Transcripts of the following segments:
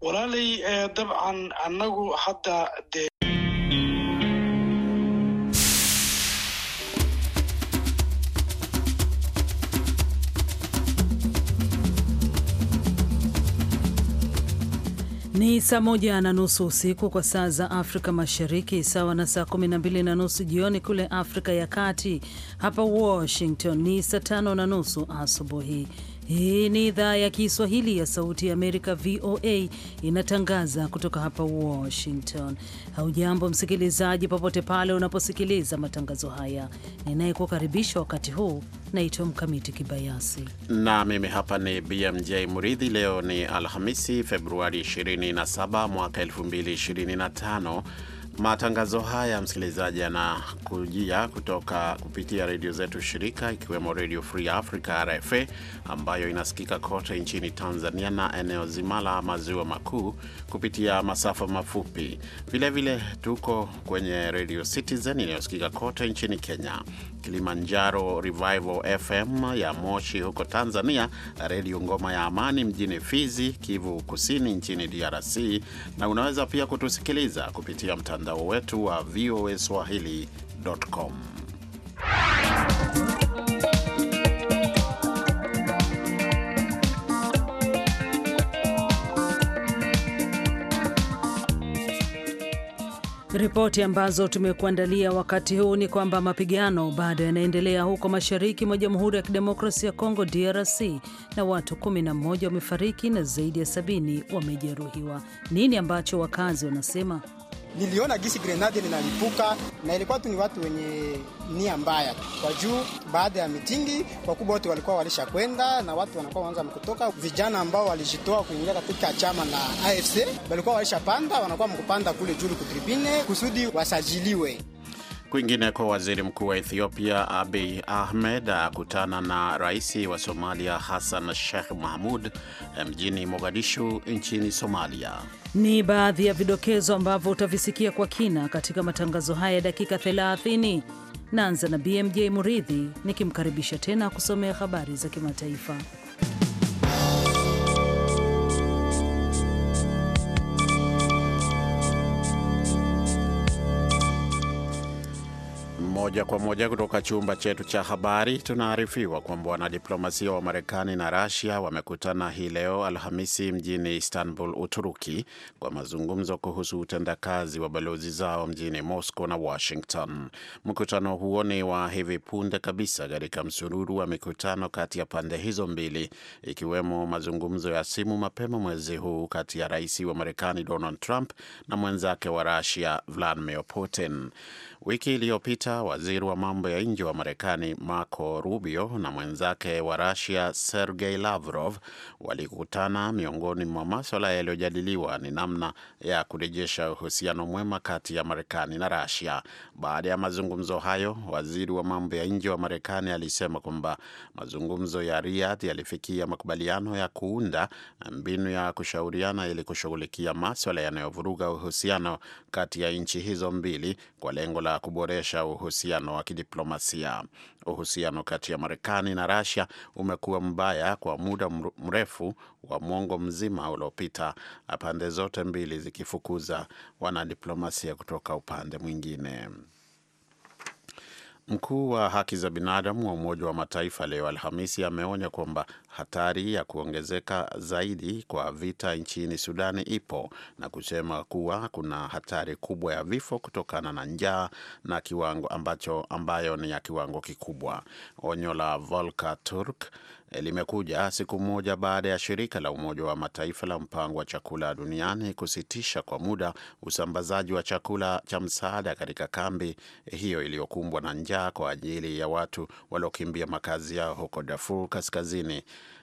walaalay eh, dabcan anagu hadda de ni saa moja na nusu usiku kwa saa za Afrika Mashariki, sawa na saa kumi na mbili na nusu jioni kule Afrika ya Kati. Hapa Washington ni saa tano na nusu asubuhi. Hii ni idhaa ya Kiswahili ya Sauti ya Amerika, VOA, inatangaza kutoka hapa Washington. Haujambo msikilizaji, popote pale unaposikiliza matangazo haya. Ninayekukaribisha wakati huu naitwa Mkamiti Kibayasi na mimi hapa ni BMJ Muridhi. Leo ni Alhamisi, Februari 27 mwaka 2025 Matangazo haya msikilizaji, yanakujia kutoka kupitia redio zetu shirika, ikiwemo Redio Free Africa RFA, ambayo inasikika kote nchini Tanzania na eneo zima la maziwa makuu kupitia masafa mafupi. Vilevile vile tuko kwenye Redio Citizen inayosikika kote nchini Kenya. Kilimanjaro Revival FM ya Moshi huko Tanzania, Redio Ngoma ya Amani mjini Fizi, Kivu Kusini nchini DRC, na unaweza pia kutusikiliza kupitia mtandao wetu wa VOA Swahili.com. Ripoti ambazo tumekuandalia wakati huu ni kwamba mapigano bado yanaendelea huko mashariki mwa Jamhuri ya kidemokrasia ya Kongo DRC, na watu 11 wamefariki na zaidi ya sabini wamejeruhiwa. Nini ambacho wakazi wanasema? niliona gisi grenade linalipuka, na ilikuwa tu ni watu wenye nia mbaya kwa juu. Baada ya mitingi, wakubwa wote walikuwa walisha kwenda na watu wanakuwa wanza mkutoka. Vijana ambao walijitoa kuingia katika chama la AFC walikuwa walishapanda, wanakuwa mkupanda kule juu kutribine kusudi wasajiliwe. Kwingineko, waziri mkuu wa Ethiopia Abiy Ahmed akutana na rais wa Somalia Hassan Sheikh Mahmud eh, mjini Mogadishu nchini Somalia. Ni baadhi ya vidokezo ambavyo utavisikia kwa kina katika matangazo haya ya dakika 30. Naanza na BMJ Muridhi nikimkaribisha tena kusomea habari za kimataifa. Moja kwa moja kutoka chumba chetu cha habari, tunaarifiwa kwamba wanadiplomasia wa Marekani na Rasia wamekutana hii leo Alhamisi mjini Istanbul, Uturuki, kwa mazungumzo kuhusu utendakazi wa balozi zao mjini Moscow na Washington. Mkutano huo ni wa hivi punde kabisa katika msururu wa mikutano kati ya pande hizo mbili, ikiwemo mazungumzo ya simu mapema mwezi huu kati ya rais wa Marekani Donald Trump na mwenzake wa Rasia Vladimir Putin. Wiki iliyopita waziri wa mambo ya nje wa Marekani Marco Rubio na mwenzake wa Rusia Sergei Lavrov walikutana. Miongoni mwa maswala yaliyojadiliwa ni namna ya kurejesha uhusiano mwema kati ya Marekani na Rusia. Baada ya mazungumzo hayo, waziri wa mambo ya nje wa Marekani alisema kwamba mazungumzo ya Riyadh yalifikia makubaliano ya kuunda mbinu ya kushauriana ili kushughulikia maswala yanayovuruga uhusiano kati ya nchi hizo mbili kwa lengo la kuboresha uhusiano wa kidiplomasia. Uhusiano kati ya Marekani na rasia umekuwa mbaya kwa muda mrefu wa mwongo mzima uliopita, pande zote mbili zikifukuza wanadiplomasia kutoka upande mwingine. Mkuu wa haki za binadamu wa Umoja wa Mataifa leo Alhamisi ameonya kwamba hatari ya kuongezeka zaidi kwa vita nchini Sudani ipo na kusema kuwa kuna hatari kubwa ya vifo kutokana na njaa na kiwango ambacho ambayo ni ya kiwango kikubwa. Onyo la Volker Turk limekuja siku moja baada ya shirika la Umoja wa Mataifa la mpango wa chakula duniani kusitisha kwa muda usambazaji wa chakula cha msaada katika kambi hiyo iliyokumbwa na njaa kwa ajili ya watu waliokimbia makazi yao huko Darfur kaskazini.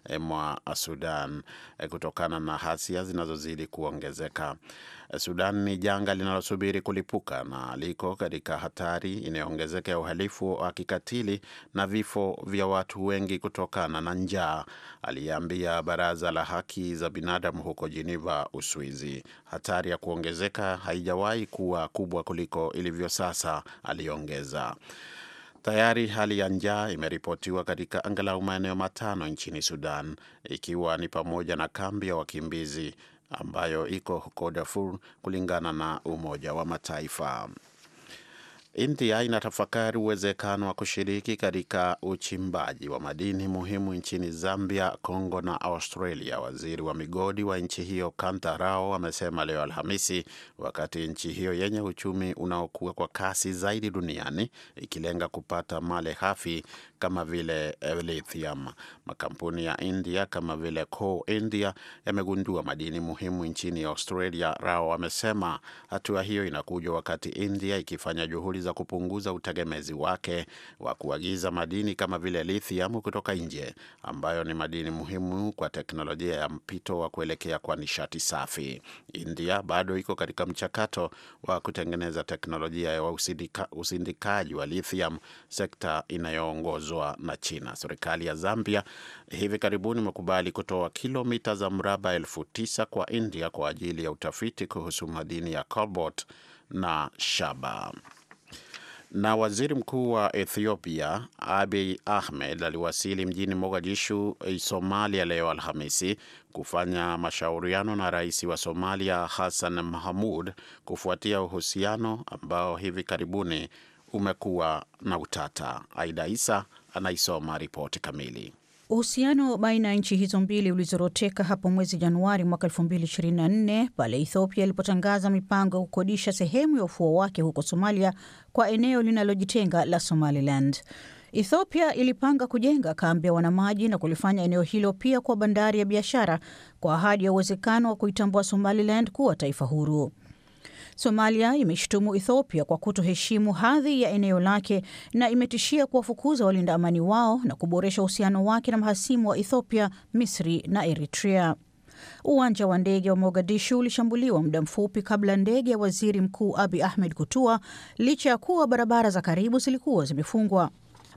Eh, mwa Sudan eh, kutokana na hasia zinazozidi kuongezeka. Eh, Sudan ni janga linalosubiri kulipuka na liko katika hatari inayoongezeka ya uhalifu wa kikatili na vifo vya watu wengi kutokana na njaa, aliyeambia baraza la haki za binadamu huko Jeneva, Uswizi. Hatari ya kuongezeka haijawahi kuwa kubwa kuliko ilivyo sasa, aliongeza. Tayari hali ya njaa imeripotiwa katika angalau maeneo matano nchini Sudan, ikiwa ni pamoja na kambi ya wakimbizi ambayo iko huko Darfur, kulingana na Umoja wa Mataifa. India inatafakari uwezekano wa kushiriki katika uchimbaji wa madini muhimu nchini Zambia, Congo na Australia. Waziri wa migodi wa nchi hiyo Kanta Rao amesema leo Alhamisi, wakati nchi hiyo yenye uchumi unaokua kwa kasi zaidi duniani ikilenga kupata mali hafi kama vile eh, lithium. Makampuni ya India kama vile Coal India yamegundua madini muhimu nchini Australia, Rao amesema. Hatua hiyo inakuja wakati India ikifanya juhudi za kupunguza utegemezi wake wa kuagiza madini kama vile lithium kutoka nje, ambayo ni madini muhimu kwa teknolojia ya mpito wa kuelekea kwa nishati safi. India bado iko katika mchakato wa kutengeneza teknolojia ya usindika, usindikaji wa lithium, sekta inayoongozwa na China. Serikali ya Zambia hivi karibuni umekubali kutoa kilomita za mraba elfu tisa kwa India kwa ajili ya utafiti kuhusu madini ya cobalt na shaba. Na waziri mkuu wa Ethiopia Abiy Ahmed aliwasili mjini Mogadishu, eh, Somalia leo Alhamisi kufanya mashauriano na rais wa Somalia Hassan Mahmud kufuatia uhusiano ambao hivi karibuni umekuwa na utata. Aida Isa anaisoma ripoti kamili. Uhusiano baina ya nchi hizo mbili ulizoroteka hapo mwezi Januari mwaka 2024 pale Ethiopia ilipotangaza mipango ya kukodisha sehemu ya ufuo wake huko Somalia kwa eneo linalojitenga la Somaliland. Ethiopia ilipanga kujenga kambi ya wanamaji na kulifanya eneo hilo pia kuwa bandari ya biashara kwa ahadi ya uwezekano wa kuitambua Somaliland kuwa taifa huru. Somalia imeshutumu Ethiopia kwa kutoheshimu hadhi ya eneo lake na imetishia kuwafukuza walinda amani wao na kuboresha uhusiano wake na mahasimu wa Ethiopia, Misri na Eritrea. Uwanja wa ndege wa Mogadishu ulishambuliwa muda mfupi kabla ndege ya waziri mkuu Abi Ahmed kutua licha ya kuwa barabara za karibu zilikuwa zimefungwa.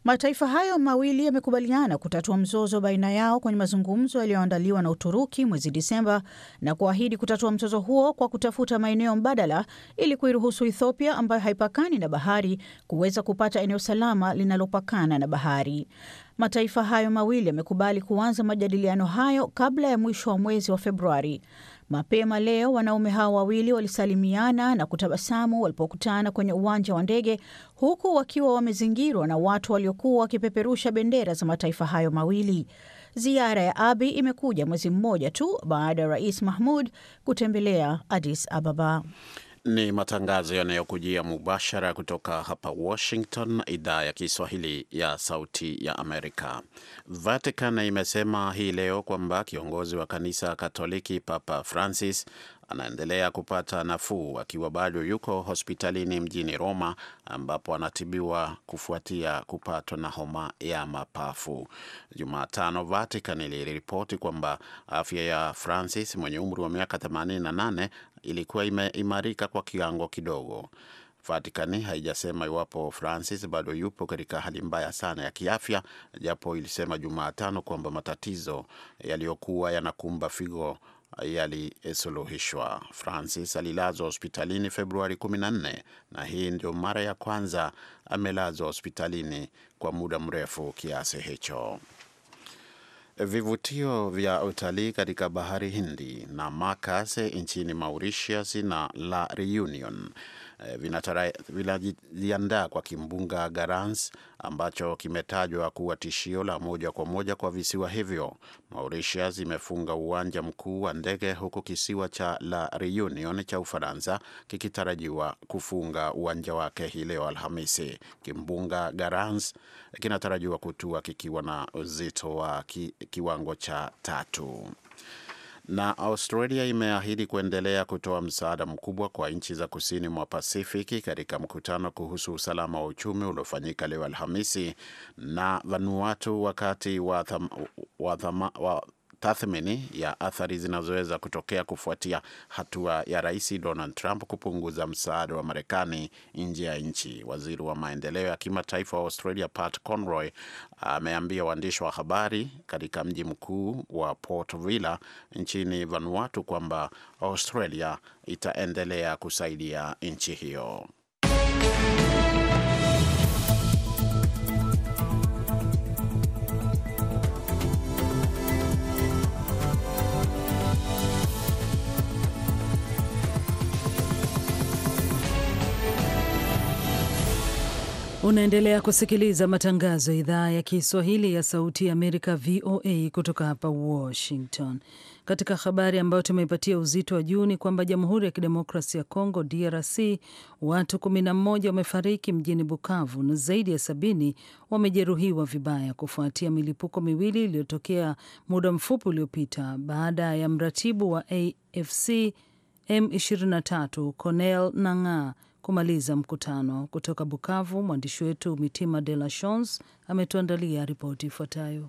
Mataifa hayo mawili yamekubaliana kutatua mzozo baina yao kwenye mazungumzo yaliyoandaliwa na Uturuki mwezi Disemba na kuahidi kutatua mzozo huo kwa kutafuta maeneo mbadala ili kuiruhusu Ethiopia ambayo haipakani na bahari kuweza kupata eneo salama linalopakana na bahari. Mataifa hayo mawili yamekubali kuanza majadiliano hayo kabla ya mwisho wa mwezi wa Februari. Mapema leo wanaume hao wawili walisalimiana na kutabasamu walipokutana kwenye uwanja wa ndege, huku wakiwa wamezingirwa na watu waliokuwa wakipeperusha bendera za mataifa hayo mawili. Ziara ya Abi imekuja mwezi mmoja tu baada ya Rais Mahmud kutembelea Adis Ababa. Ni matangazo yanayokujia mubashara kutoka hapa Washington, idhaa ya Kiswahili ya Sauti ya Amerika. Vatican imesema hii leo kwamba kiongozi wa kanisa Katoliki Papa Francis anaendelea kupata nafuu akiwa bado yuko hospitalini mjini Roma ambapo anatibiwa kufuatia kupatwa na homa ya mapafu. Jumatano, Vatican iliripoti kwamba afya ya Francis mwenye umri wa miaka 88 ilikuwa imeimarika kwa kiwango kidogo. Vatikani haijasema iwapo Francis bado yupo katika hali mbaya sana ya kiafya, japo ilisema Jumatano kwamba matatizo yaliyokuwa yanakumba figo yalisuluhishwa. Francis alilazwa hospitalini Februari 14 na hii ndio mara ya kwanza amelazwa hospitalini kwa muda mrefu kiasi hicho. Vivutio vya utalii katika bahari Hindi na makase nchini Mauritius na La Reunion Eh, vinajiandaa kwa kimbunga Garans ambacho kimetajwa kuwa tishio la moja kwa moja kwa visiwa hivyo. Mauritius imefunga uwanja mkuu wa ndege huku kisiwa cha La Reunion cha Ufaransa kikitarajiwa kufunga uwanja wake hii leo Alhamisi. Kimbunga Garans kinatarajiwa kutua kikiwa na uzito wa ki, kiwango cha tatu na Australia imeahidi kuendelea kutoa msaada mkubwa kwa nchi za kusini mwa Pasifiki katika mkutano kuhusu usalama wa uchumi uliofanyika leo Alhamisi na Vanuatu wakati wa, tham, wa, thama, wa tathmini ya athari zinazoweza kutokea kufuatia hatua ya Rais Donald Trump kupunguza msaada wa Marekani nje ya nchi. Waziri wa maendeleo ya kimataifa wa Australia Pat Conroy ameambia waandishi wa habari katika mji mkuu wa Port Vila nchini Vanuatu kwamba Australia itaendelea kusaidia nchi hiyo. Unaendelea kusikiliza matangazo ya idhaa ya Kiswahili ya Sauti ya Amerika, VOA, kutoka hapa Washington. Katika habari ambayo tumeipatia uzito wa juu ni kwamba Jamhuri ya Kidemokrasi ya Kongo, DRC, watu 11 wamefariki mjini Bukavu na zaidi ya sabini wamejeruhiwa vibaya kufuatia milipuko miwili iliyotokea muda mfupi uliopita baada ya mratibu wa AFC M23 Cornel Nangaa kumaliza mkutano. Kutoka Bukavu, mwandishi wetu Mitima De La Chance ametuandalia ripoti ifuatayo.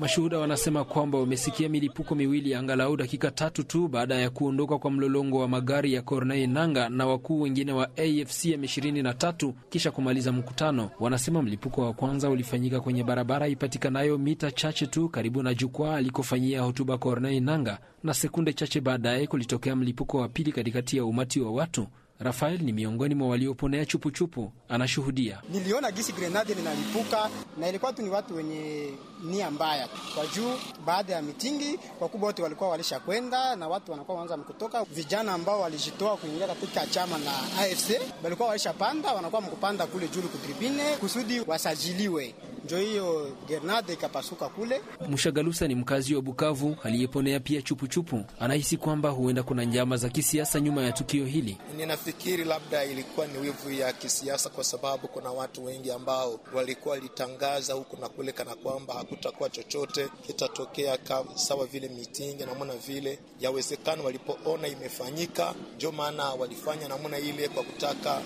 Mashuhuda wanasema kwamba wamesikia milipuko miwili angalau dakika tatu tu baada ya kuondoka kwa mlolongo wa magari ya Corneille nanga na wakuu wengine wa AFC M23 kisha kumaliza mkutano. Wanasema mlipuko wa kwanza ulifanyika kwenye barabara ipatikanayo mita chache tu karibu na jukwaa alikofanyia hotuba Corneille nanga na sekunde chache baadaye kulitokea mlipuko wa pili katikati ya umati wa watu. Rafael ni miongoni mwa walioponea chupuchupu, anashuhudia. Niliona gisi grenade linalipuka na ilikuwa tu ni watu wenye nia mbaya kwa juu. Baada ya mitingi, kwa kubwa wote walikuwa walisha kwenda na watu wanakuwa wanza mkutoka. Vijana ambao walijitoa kuingia katika chama la AFC walikuwa walishapanda, wanakuwa mkupanda kule juu kutribine kusudi wasajiliwe njo hiyo gernade ikapasuka kule. Mshagalusa ni mkazi wa Bukavu aliyeponea pia chupuchupu. Anahisi kwamba huenda kuna njama za kisiasa nyuma ya tukio hili. Ninafikiri labda ilikuwa ni wivu ya kisiasa, kwa sababu kuna watu wengi ambao walikuwa walitangaza huku na kule kana kwamba hakutakuwa chochote kitatokea, sawa vile mitingi namna vile. yawezekano walipoona imefanyika, ndio maana walifanya namna ile kwa kutaka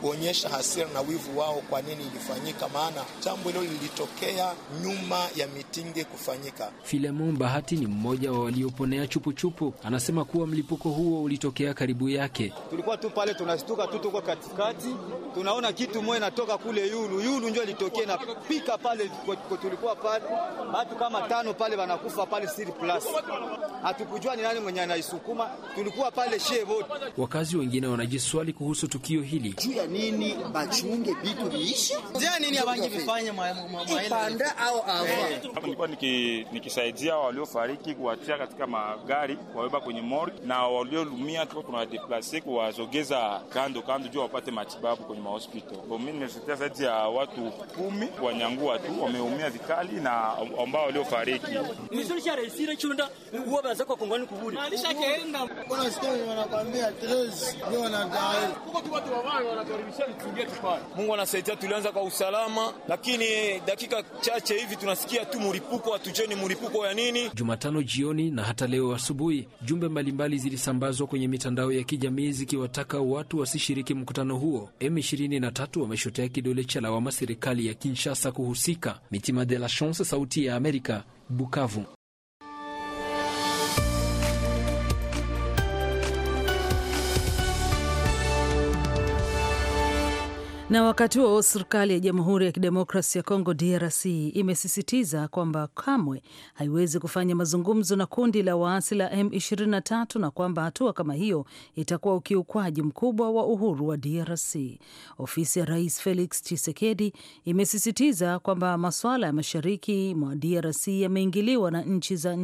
kuonyesha hasira na wivu wao, kwa nini ilifanyika, maana jambo hilo lilitokea nyuma ya mitingi kufanyika. Filemon Bahati ni mmoja wa walioponea chupuchupu, anasema kuwa mlipuko huo ulitokea karibu yake. Tulikuwa tu pale tunashtuka tu, tuko katikati, tunaona kitu moja inatoka kule yulu yulu, njo ilitokea pika pale, tulikuwa pale watu kama tano pale wanakufa pale siri plus, hatukujua ni nani mwenye anaisukuma, tulikuwa pale shevo. Wakazi wengine wanajiswali kuhusu tukio hili juu ya nini bachunge bitu vitu viishi nini abangi vifanye ipanda au ava. Eh. Nilikuwa nikisaidia waliofariki kuwatia katika magari kuwabeba kwenye morgue na waliolumia tulikuwa tunawadeplase kuwazogeza kando kando juu wapate matibabu kwenye mahospitali. Mimi nimesaidia zaidi ya watu kumi wanyangua tu wameumia vikali na ambao waliofariki Mungu anasaidia, tulianza kwa usalama, lakini dakika chache hivi tunasikia tu mlipuko. Hatujeni mlipuko ya nini. Jumatano jioni na hata leo asubuhi, jumbe mbalimbali zilisambazwa kwenye mitandao ya kijamii zikiwataka watu wasishiriki mkutano huo. M23 wameshotea kidole cha lawama serikali ya Kinshasa kuhusika. Mitima de la Chance, Sauti ya Amerika, Bukavu. Na wakati huo serikali ya Jamhuri ya Kidemokrasi ya Kongo DRC imesisitiza kwamba kamwe haiwezi kufanya mazungumzo na kundi la waasi la M23 na kwamba hatua kama hiyo itakuwa ukiukwaji mkubwa wa uhuru wa DRC. Ofisi ya Rais Felix Tshisekedi imesisitiza kwamba masuala ya mashariki mwa DRC yameingiliwa na nchi za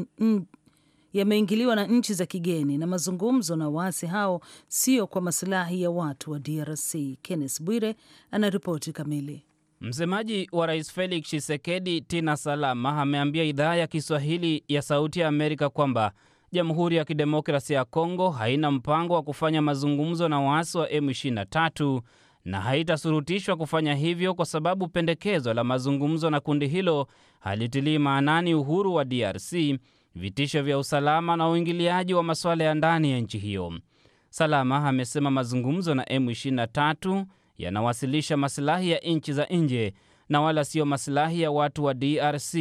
yameingiliwa na nchi za kigeni na mazungumzo na waasi hao sio kwa masilahi ya watu wa DRC. Kenneth Bwire anaripoti kamili. Msemaji wa Rais Felix Tshisekedi, Tina Salama, ameambia idhaa ya Kiswahili ya Sauti ya Amerika kwamba Jamhuri ya Kidemokrasia ya Kongo haina mpango wa kufanya mazungumzo na waasi wa M23 na haitasurutishwa kufanya hivyo kwa sababu pendekezo la mazungumzo na kundi hilo halitilii maanani uhuru wa DRC vitisho vya usalama na uingiliaji wa masuala ya ndani ya nchi hiyo. Salama amesema mazungumzo na M23 yanawasilisha masilahi ya nchi za nje na wala siyo masilahi ya watu wa DRC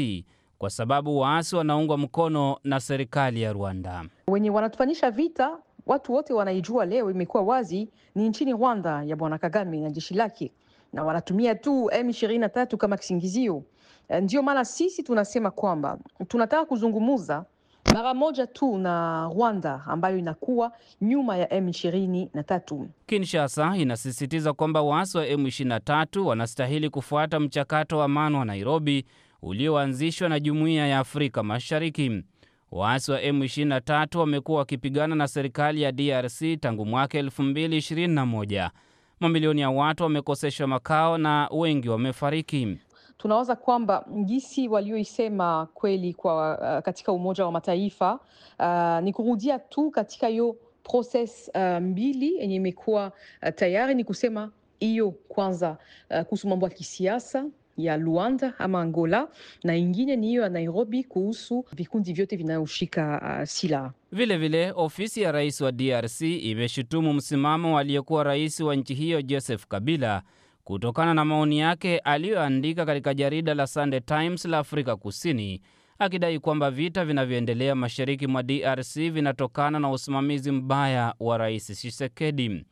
kwa sababu waasi wanaungwa mkono na serikali ya Rwanda. Wenye wanatufanisha vita watu wote wanaijua, leo imekuwa wazi, ni nchini Rwanda ya Bwana Kagame na jeshi lake, na wanatumia tu M23 kama kisingizio. Ndio maana sisi tunasema kwamba tunataka kuzungumuza mara moja tu na Rwanda ambayo inakuwa nyuma ya M23. Kinshasa inasisitiza kwamba waasi wa M23 wanastahili kufuata mchakato wa amani wa Nairobi ulioanzishwa na Jumuiya ya Afrika Mashariki. Waasi wa M23 wamekuwa wakipigana na serikali ya DRC tangu mwaka 221 Mamilioni ya watu wamekoseshwa makao na wengi wamefariki tunawaza kwamba jinsi walioisema kweli kwa, uh, katika Umoja wa Mataifa uh, ni kurudia tu katika hiyo proses uh, mbili yenye imekuwa uh, tayari ni kusema hiyo kwanza, uh, kuhusu mambo ya kisiasa ya Luanda ama Angola na ingine ni hiyo ya Nairobi kuhusu vikundi vyote vinayoshika uh, silaha. Vile vile ofisi ya rais wa DRC imeshutumu msimamo aliyekuwa rais wa nchi hiyo Joseph Kabila kutokana na maoni yake aliyoandika katika jarida la Sunday Times la Afrika Kusini akidai kwamba vita vinavyoendelea mashariki mwa DRC vinatokana na usimamizi mbaya wa Rais Tshisekedi.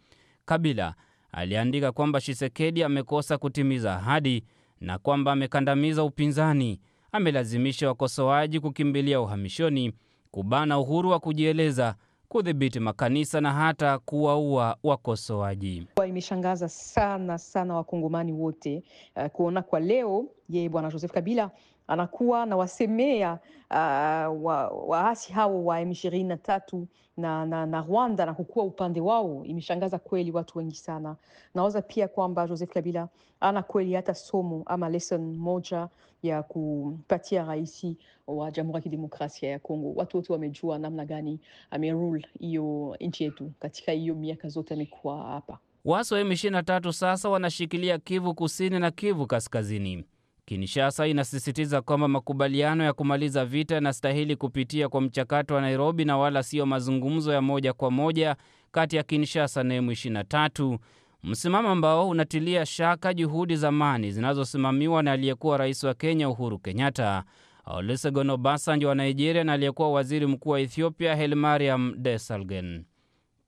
Kabila aliandika kwamba Tshisekedi amekosa kutimiza ahadi na kwamba amekandamiza upinzani, amelazimisha wakosoaji kukimbilia uhamishoni, kubana uhuru wa kujieleza kudhibiti makanisa na hata kuwaua wakosoaji. Imeshangaza sana sana wakongomani wote uh, kuona kwa leo yeye Bwana Joseph Kabila anakuwa anawasemea uh, waasi wa hao wa M23 na, na, na Rwanda na kukua upande wao. Imeshangaza kweli watu wengi sana. Nawaza pia kwamba Joseph Kabila ana kweli hata somo ama lesson moja ya kupatia rahisi wa Jamhuri ya Kidemokrasia ya Kongo. Watu wote wamejua namna gani amerul hiyo nchi yetu katika hiyo miaka zote amekuwa hapa. Waasi wa M23 sasa wanashikilia Kivu Kusini na Kivu Kaskazini. Kinshasa inasisitiza kwamba makubaliano ya kumaliza vita yanastahili kupitia kwa mchakato wa Nairobi na wala siyo mazungumzo ya moja kwa moja kati ya Kinshasa na M23, msimamo ambao unatilia shaka juhudi za amani zinazosimamiwa na aliyekuwa rais wa Kenya Uhuru Kenyatta, Olusegun Obasanjo wa Nigeria na aliyekuwa waziri mkuu wa Ethiopia Hailemariam Desalegn.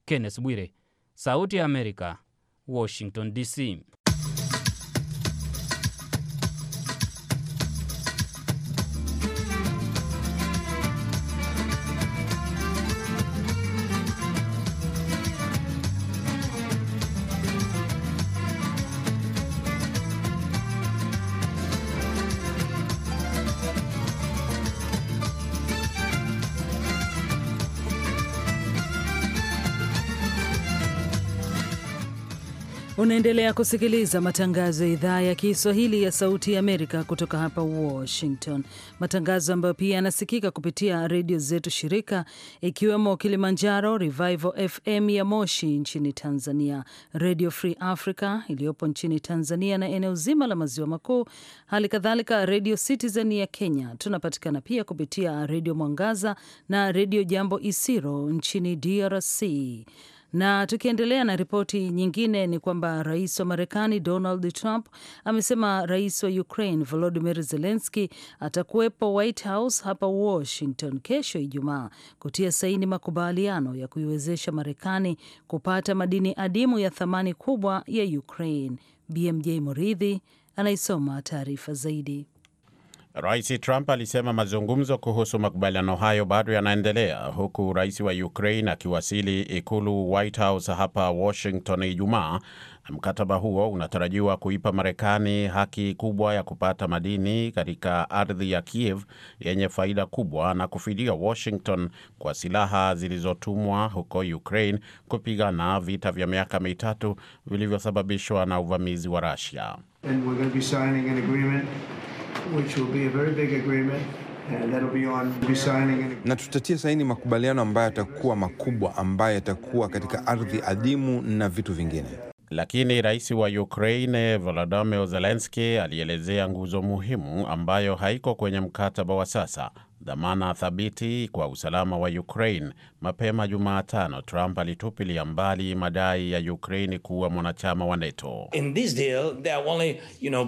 Kenneth Bwire, Sauti ya Amerika, Washington DC. Unaendelea kusikiliza matangazo ya idhaa ya Kiswahili ya Sauti ya Amerika kutoka hapa Washington, matangazo ambayo pia yanasikika kupitia redio zetu shirika, ikiwemo Kilimanjaro Revival FM ya Moshi nchini Tanzania, Redio Free Africa iliyopo nchini Tanzania na eneo zima la Maziwa Makuu, hali kadhalika Redio Citizen ya Kenya. Tunapatikana pia kupitia Redio Mwangaza na Redio Jambo Isiro nchini DRC. Na tukiendelea na ripoti nyingine ni kwamba rais wa Marekani Donald Trump amesema rais wa Ukraine volodimir zelenski atakuwepo White House hapa Washington kesho Ijumaa kutia saini makubaliano ya kuiwezesha Marekani kupata madini adimu ya thamani kubwa ya Ukraine. BMJ Muridhi anaisoma taarifa zaidi. Rais Trump alisema mazungumzo kuhusu makubaliano hayo bado yanaendelea huku rais wa Ukraine akiwasili ikulu White House hapa Washington Ijumaa. Mkataba huo unatarajiwa kuipa Marekani haki kubwa ya kupata madini katika ardhi ya Kiev yenye faida kubwa na kufidia Washington kwa silaha zilizotumwa huko Ukraine kupigana vita vya miaka mitatu vilivyosababishwa na uvamizi wa Russia which will be a very big agreement. Na tutatia saini makubaliano ambayo yatakuwa makubwa ambayo yatakuwa katika ardhi adhimu na vitu vingine. Lakini rais wa Ukraine Volodymyr zelenski alielezea nguzo muhimu ambayo haiko kwenye mkataba wa sasa, dhamana thabiti kwa usalama wa Ukraine. Mapema jumaatano Trump alitupilia mbali madai ya Ukraine kuwa mwanachama wa NATO. In this deal, there are only, you know,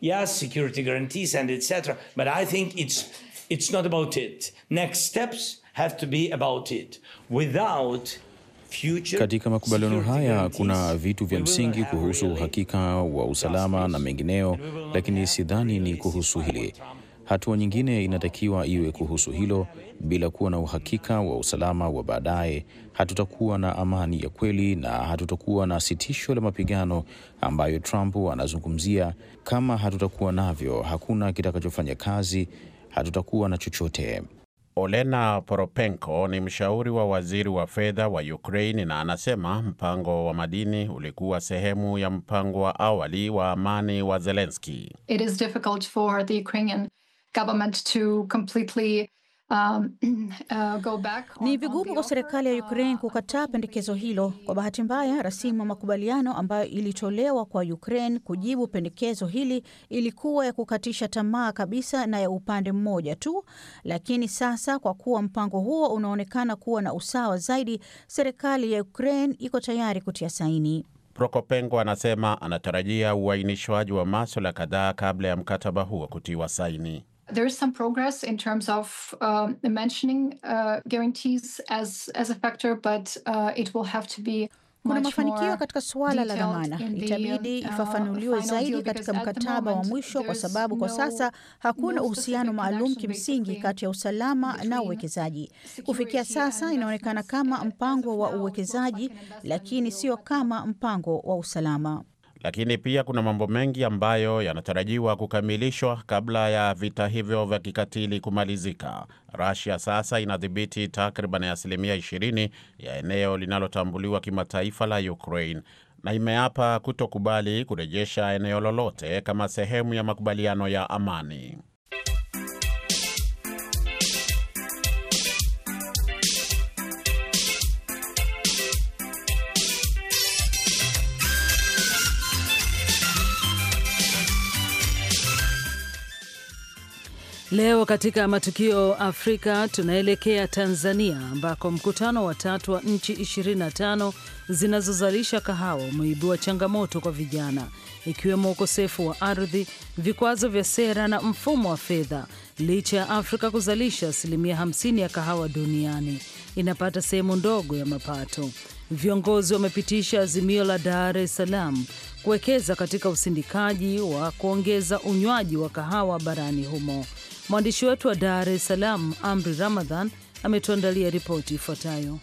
Yes, security guarantees and etc. But I think it's it's not about it. Next steps have to be about it. Without katika makubaliano haya kuna vitu vya msingi kuhusu uhakika wa usalama na mengineo, lakini sidhani ni kuhusu hili. Hatua nyingine inatakiwa iwe kuhusu hilo. Bila kuwa na uhakika wa usalama wa baadaye, hatutakuwa na amani ya kweli na hatutakuwa na sitisho la mapigano ambayo Trump anazungumzia. Kama hatutakuwa navyo, hakuna kitakachofanya kazi, hatutakuwa na chochote. Olena Poropenko ni mshauri wa waziri wa fedha wa Ukraine na anasema mpango wa madini ulikuwa sehemu ya mpango wa awali wa amani wa Zelensky. It is difficult for the Ukrainian government to completely um, uh, ni vigumu kwa serikali ya uh, Ukraine kukataa pendekezo hilo. Kwa bahati mbaya, rasimu ya makubaliano ambayo ilitolewa kwa Ukraine kujibu pendekezo hili ilikuwa ya kukatisha tamaa kabisa na ya upande mmoja tu, lakini sasa kwa kuwa mpango huo unaonekana kuwa na usawa zaidi, serikali ya Ukraine iko tayari kutia saini. Prokopenko anasema anatarajia uainishwaji wa maswala kadhaa kabla ya mkataba huo kutiwa saini there is some progress in terms of um, mentioning uh, guarantees as, as a factor, but uh, it will have to be kuna mafanikio katika suala la dhamana, itabidi uh, ifafanuliwe zaidi katika mkataba wa mwisho, kwa sababu kwa sasa hakuna uhusiano maalum kimsingi kati ya usalama na uwekezaji. Kufikia sasa, inaonekana kama mpango wa uwekezaji, lakini sio kama mpango wa usalama lakini pia kuna mambo mengi ambayo yanatarajiwa kukamilishwa kabla ya vita hivyo vya kikatili kumalizika. Rasia sasa inadhibiti takriban asilimia 20 ya eneo linalotambuliwa kimataifa la Ukraine na imeapa kutokubali kurejesha eneo lolote kama sehemu ya makubaliano ya amani. Leo katika matukio Afrika tunaelekea Tanzania ambako mkutano wa tatu wa nchi 25 zinazozalisha kahawa umeibua changamoto kwa vijana ikiwemo ukosefu wa ardhi, vikwazo vya sera na mfumo wa fedha. Licha ya Afrika kuzalisha asilimia 50 ya kahawa duniani, inapata sehemu ndogo ya mapato. Viongozi wamepitisha azimio la Dar es Salaam kuwekeza katika usindikaji wa kuongeza unywaji wa kahawa barani humo. Mwandishi wetu wa Dar es Salaam, Amri Ramadhan, ametuandalia ripoti ifuatayo.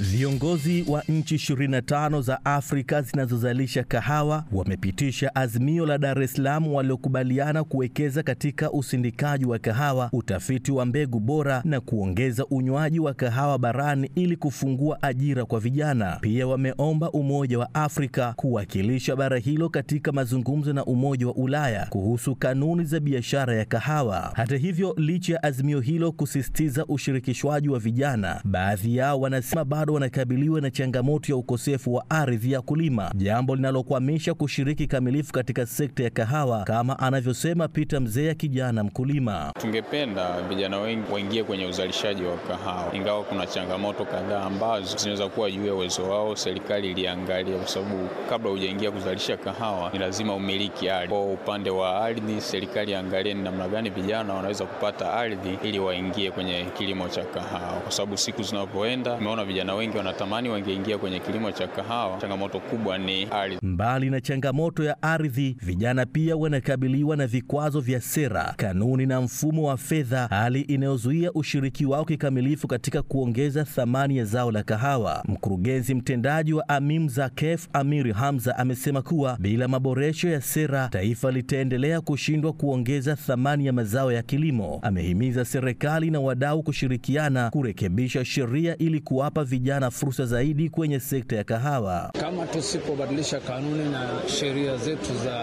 Viongozi wa nchi 25 za Afrika zinazozalisha kahawa wamepitisha azimio la Dar es Salaam waliokubaliana kuwekeza katika usindikaji wa kahawa, utafiti wa mbegu bora na kuongeza unywaji wa kahawa barani ili kufungua ajira kwa vijana. Pia wameomba Umoja wa Afrika kuwakilisha bara hilo katika mazungumzo na Umoja wa Ulaya kuhusu kanuni za biashara ya kahawa. Hata hivyo, licha ya azimio hilo kusisitiza ushirikishwaji wa vijana, baadhi yao wanasema bado wanakabiliwa na changamoto ya ukosefu wa ardhi ya kulima, jambo linalokwamisha kushiriki kamilifu katika sekta ya kahawa, kama anavyosema Peter Mzee, kijana mkulima. Tungependa vijana wengi waingie kwenye uzalishaji wa kahawa, ingawa kuna changamoto kadhaa ambazo zinaweza kuwa juu ya uwezo wao, serikali iliangalia, kwa sababu kabla hujaingia kuzalisha kahawa ni lazima umiliki ardhi. Kwa upande wa ardhi, serikali angalie ni namna gani vijana wanaweza kupata ardhi ili waingie kwenye kilimo cha kahawa, kwa sababu siku zinapoenda, umeona vijana wengi wanatamani wangeingia kwenye kilimo cha kahawa, changamoto kubwa ni ardhi. Mbali na changamoto ya ardhi, vijana pia wanakabiliwa na vikwazo vya sera, kanuni na mfumo wa fedha, hali inayozuia ushiriki wao kikamilifu katika kuongeza thamani ya zao la kahawa. Mkurugenzi mtendaji wa AMIMZA KEF Amiri Hamza amesema kuwa bila maboresho ya sera, taifa litaendelea kushindwa kuongeza thamani ya mazao ya kilimo. Amehimiza serikali na wadau kushirikiana kurekebisha sheria ili kuwapa vijana fursa zaidi kwenye sekta ya kahawa. Kama tusipobadilisha kanuni na sheria zetu za,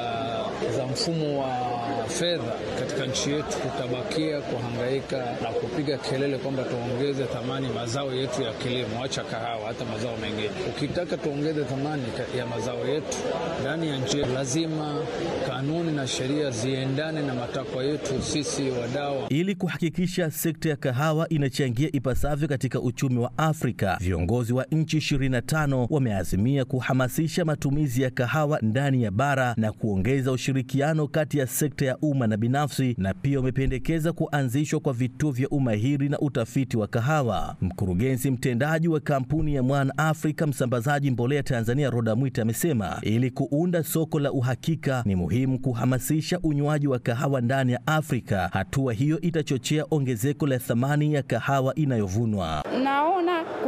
za mfumo wa fedha katika nchi yetu, tutabakia kuhangaika na kupiga kelele kwamba tuongeze thamani mazao yetu ya kilimo, acha kahawa, hata mazao mengine. Ukitaka tuongeze thamani ya mazao yetu ndani ya nchi yetu, lazima kanuni na sheria ziendane na matakwa yetu sisi wadau, ili kuhakikisha sekta ya kahawa inachangia ipasavyo katika uchumi wa Afrika. Viongozi wa nchi 25 wameazimia kuhamasisha matumizi ya kahawa ndani ya bara na kuongeza ushirikiano kati ya sekta ya umma na binafsi, na pia wamependekeza kuanzishwa kwa vituo vya umahiri na utafiti wa kahawa. Mkurugenzi mtendaji wa kampuni ya Mwana Afrika msambazaji mbolea Tanzania, Roda Mwita, amesema ili kuunda soko la uhakika ni muhimu kuhamasisha unywaji wa kahawa ndani ya Afrika. Hatua hiyo itachochea ongezeko la thamani ya kahawa inayovunwa Now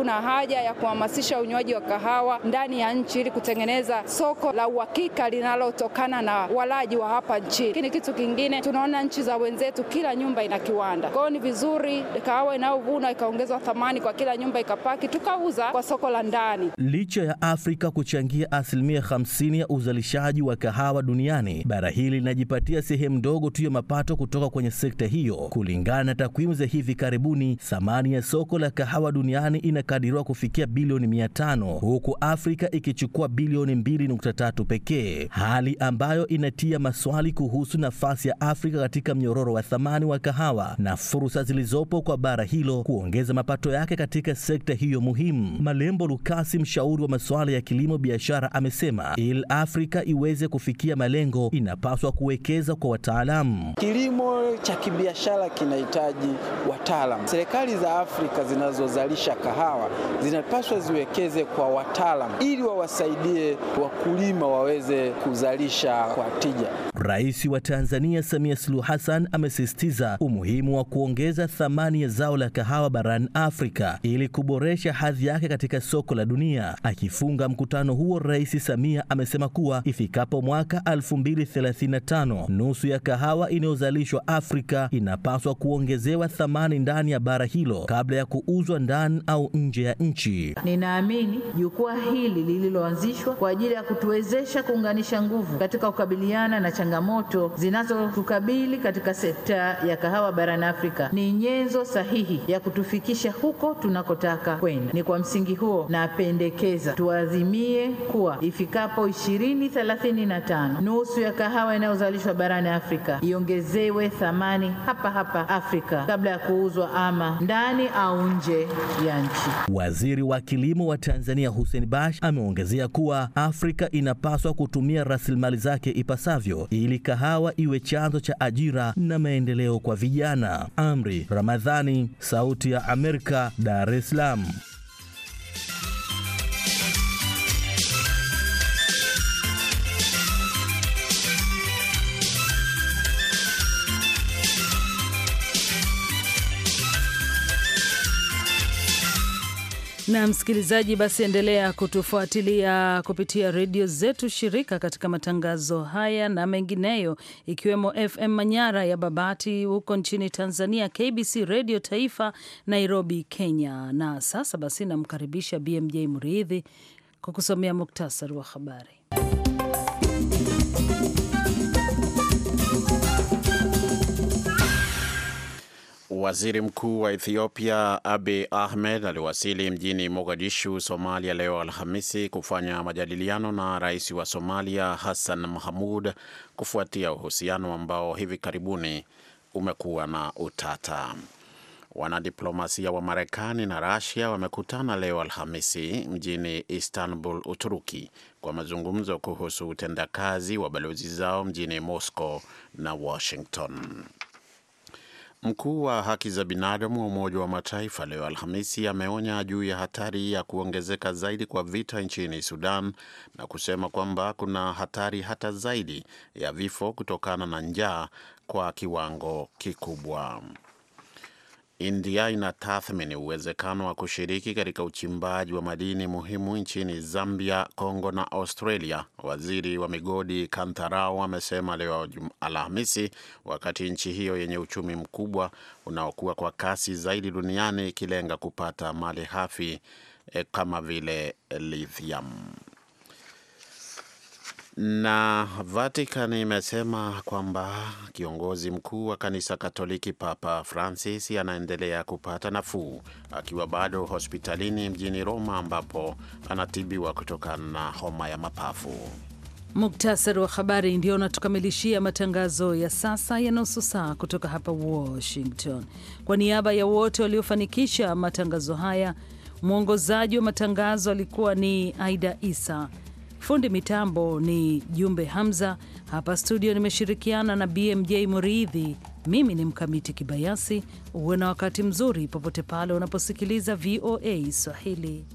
kuna haja ya kuhamasisha unywaji wa kahawa ndani ya nchi ili kutengeneza soko la uhakika linalotokana na walaji wa hapa nchini. Lakini kitu kingine, tunaona nchi za wenzetu kila nyumba ina kiwanda. Kwa hiyo ni vizuri kahawa inayovunwa ikaongezwa thamani kwa kila nyumba, ikapaki tukauza kwa soko la ndani. Licha ya Afrika kuchangia asilimia 50 ya uzalishaji wa kahawa duniani, bara hili linajipatia sehemu ndogo tu ya mapato kutoka kwenye sekta hiyo. Kulingana na takwimu za hivi karibuni, thamani ya soko la kahawa duniani ina inakadiriwa kufikia bilioni 500 huku Afrika ikichukua bilioni 2.3 pekee, hali ambayo inatia maswali kuhusu nafasi ya Afrika katika mnyororo wa thamani wa kahawa na fursa zilizopo kwa bara hilo kuongeza mapato yake katika sekta hiyo muhimu. Malembo Lukasi, mshauri wa masuala ya kilimo biashara, amesema ili Afrika iweze kufikia malengo inapaswa kuwekeza kwa wataalamu. Kilimo cha kibiashara kinahitaji wataalamu. Serikali za Afrika zinazozalisha kahawa dawa zinapaswa ziwekeze kwa wataalam ili wawasaidie wakulima waweze kuzalisha kwa tija. Rais wa Tanzania Samia Suluhu Hassan amesisitiza umuhimu wa kuongeza thamani ya zao la kahawa barani Afrika ili kuboresha hadhi yake katika soko la dunia. Akifunga mkutano huo, Rais Samia amesema kuwa ifikapo mwaka 2035 nusu ya kahawa inayozalishwa Afrika inapaswa kuongezewa thamani ndani ya bara hilo kabla ya kuuzwa ndani au nje nje ya nchi. Ninaamini jukwaa hili lililoanzishwa kwa ajili ya kutuwezesha kuunganisha nguvu katika kukabiliana na changamoto zinazotukabili katika sekta ya kahawa barani Afrika ni nyenzo sahihi ya kutufikisha huko tunakotaka kwenda. Ni kwa msingi huo, napendekeza tuazimie kuwa ifikapo 2035 nusu ya kahawa inayozalishwa barani Afrika iongezewe thamani hapa hapa Afrika kabla ya kuuzwa ama ndani au nje ya nchi. Waziri wa kilimo wa Tanzania Hussein Bash ameongezea kuwa Afrika inapaswa kutumia rasilimali zake ipasavyo ili kahawa iwe chanzo cha ajira na maendeleo kwa vijana. Amri Ramadhani, Sauti ya Amerika, Dar es Salaam. Na msikilizaji, basi endelea kutufuatilia kupitia redio zetu shirika katika matangazo haya na mengineyo, ikiwemo FM Manyara ya Babati huko nchini Tanzania, KBC Redio Taifa Nairobi, Kenya. Na sasa basi namkaribisha BMJ Mridhi kusomea muktasari wa habari. Waziri Mkuu wa Ethiopia abi Ahmed aliwasili mjini Mogadishu, Somalia leo Alhamisi kufanya majadiliano na rais wa Somalia Hassan Mahmud kufuatia uhusiano ambao hivi karibuni umekuwa na utata. Wanadiplomasia wa Marekani na rasia wamekutana leo Alhamisi mjini Istanbul, Uturuki, kwa mazungumzo kuhusu utendakazi wa balozi zao mjini Moscow na Washington. Mkuu wa haki za binadamu wa Umoja wa Mataifa leo Alhamisi ameonya juu ya hatari ya kuongezeka zaidi kwa vita nchini Sudan na kusema kwamba kuna hatari hata zaidi ya vifo kutokana na njaa kwa kiwango kikubwa. India inatathmini uwezekano wa kushiriki katika uchimbaji wa madini muhimu nchini Zambia, Kongo na Australia, waziri wa migodi Kantharau amesema leo Alhamisi, wakati nchi hiyo yenye uchumi mkubwa unaokuwa kwa kasi zaidi duniani ikilenga kupata mali hafi eh, kama vile lithium. Na Vatican imesema kwamba kiongozi mkuu wa kanisa Katoliki Papa Francis anaendelea kupata nafuu akiwa bado hospitalini mjini Roma ambapo anatibiwa kutokana na homa ya mapafu. Muktasari wa habari ndio unatukamilishia matangazo ya sasa ya nusu saa kutoka hapa Washington. Kwa niaba ya wote waliofanikisha matangazo haya, mwongozaji wa matangazo alikuwa ni Aida Isa. Fundi mitambo ni Jumbe Hamza. Hapa studio nimeshirikiana na BMJ Muridhi. Mimi ni Mkamiti Kibayasi. Uwe na wakati mzuri popote pale unaposikiliza VOA Swahili.